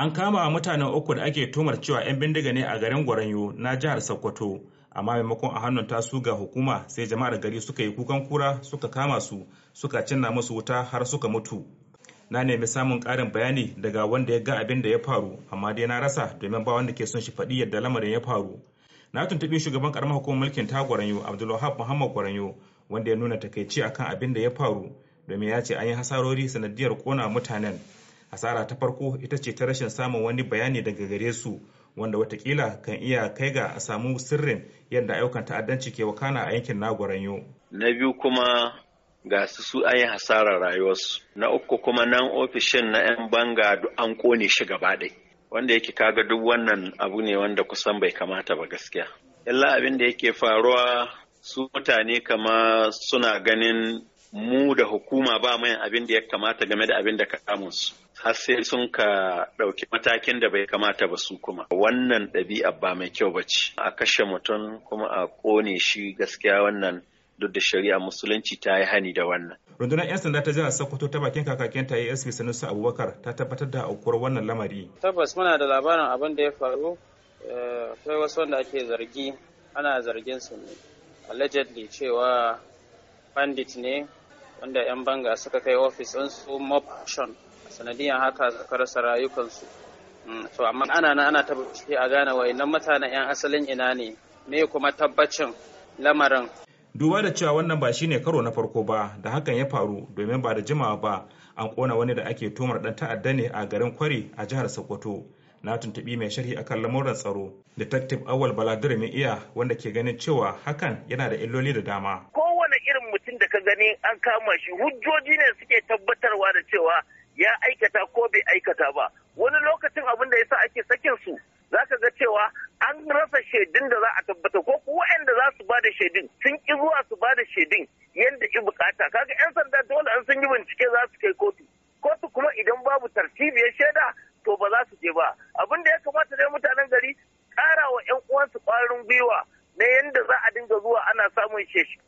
an kama mutane uku da ake tumar cewa 'yan bindiga ne a garin gwaranyo na jihar sokoto amma maimakon a hannun tasu ga hukuma sai jama'ar gari suka yi kukan kura suka kama su suka cinna musu wuta har suka mutu na nemi samun ƙarin bayani daga wanda ya ga abin da ya faru amma dai na rasa domin ba wanda ke son shi faɗi yadda lamarin ya faru na tuntuɓi shugaban karamar hukumar mulkin ta gwaranyo abdulwahab muhammad gwaranyo wanda ya nuna takaici akan abin da ya faru domin ya ce an yi hasarori sanadiyar kona mutanen asara ta farko ita ce ta rashin samun wani bayani daga gare su wanda watakila kan iya kai ga a samu sirrin yadda ayyukan ta'addanci ke wakana a yankin nagoranyo na biyu kuma ga su su an yi hasarar rayuwarsu na uku kuma nan ofishin na 'yan banga an kone shi gaba ɗai wanda yake kaga duk wannan abu ne wanda kusan bai kamata ba gaskiya illa abin da yake faruwa su mutane kama suna ganin mu da hukuma ba mai abin da ya kamata game da abin da ka su har sai sun ka ɗauki matakin da bai kamata ba su kuma wannan ɗabi'a ba mai kyau ba ce a kashe mutum kuma a ƙone shi gaskiya wannan duk da shari'a musulunci ta yi hani da wannan. Rundunar 'yan sanda ta jihar Sokoto ta bakin kakakin ta ASP Sanusi Abubakar ta tabbatar da aukuwar wannan lamari. Tabbas muna da labarin abin da ya faru eh, akwai wasu wanda ake zargi ana zargin su ne allegedly cewa bandit ne wanda 'yan banga suka kai ofis su mob action sanadiyar haka suka rasa rayukansu mm, to amma ana nan ana tabbaci a gane wayannan mutanen 'yan asalin ina ne me kuma tabbacin lamarin duba da cewa wannan ba shine karo na farko ba da hakan ya faru domin ba da jimawa ba an kona wani da ake tumar dan ta'adda ne a garin kwari a jihar sokoto na tuntuɓi mai sharhi akan lamuran tsaro detective awal baladir mai iya wanda ke ganin cewa hakan yana da illoli da dama ko ganin an kama shi hujjoji ne suke tabbatarwa da cewa ya aikata ko bai aikata ba wani lokacin abin da yasa ake sakin su zaka ga cewa an rasa shaidun da za a tabbata ko waɗanda za su bada shaidun sun ki zuwa su bada shaidun yadda ki bukata kaga yan sanda dole an sun yi bincike za su kai kotu kotu kuma idan babu tartibiyar shaida to ba za su je ba abin da ya kamata ne mutanen gari ƙara wa 'yan uwansu ƙwarin gwiwa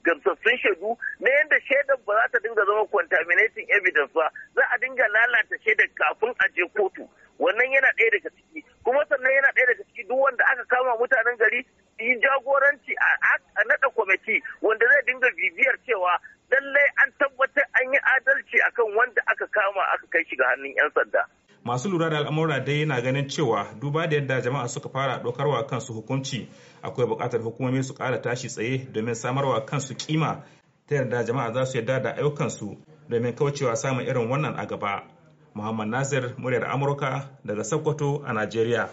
gamsassun shaidu na yadda shaidar ba za ta dinga zama contaminating evidence ba za a dinga lalata shaidar kafin a je kotu wannan yana ɗaya daga ciki kuma sannan yana ɗaya daga ciki duk wanda aka kama mutanen gari yi jagoranci a naɗa kwamiti wanda zai dinga bibiyar cewa lallai an tabbatar an yi adalci akan wanda aka kama aka kai shi ga hannun 'yan sanda. masu lura da al'amura dai yana ganin cewa duba da yadda jama'a suka fara ɗaukarwa kansu hukunci akwai buƙatar hukumomi su ƙara tashi tsaye domin samarwa kansu kima ta yarda jama'a za su yarda da ayyukansu domin kaucewa samun irin wannan a gaba muhammad nasir muryar amurka daga sokoto a najeriya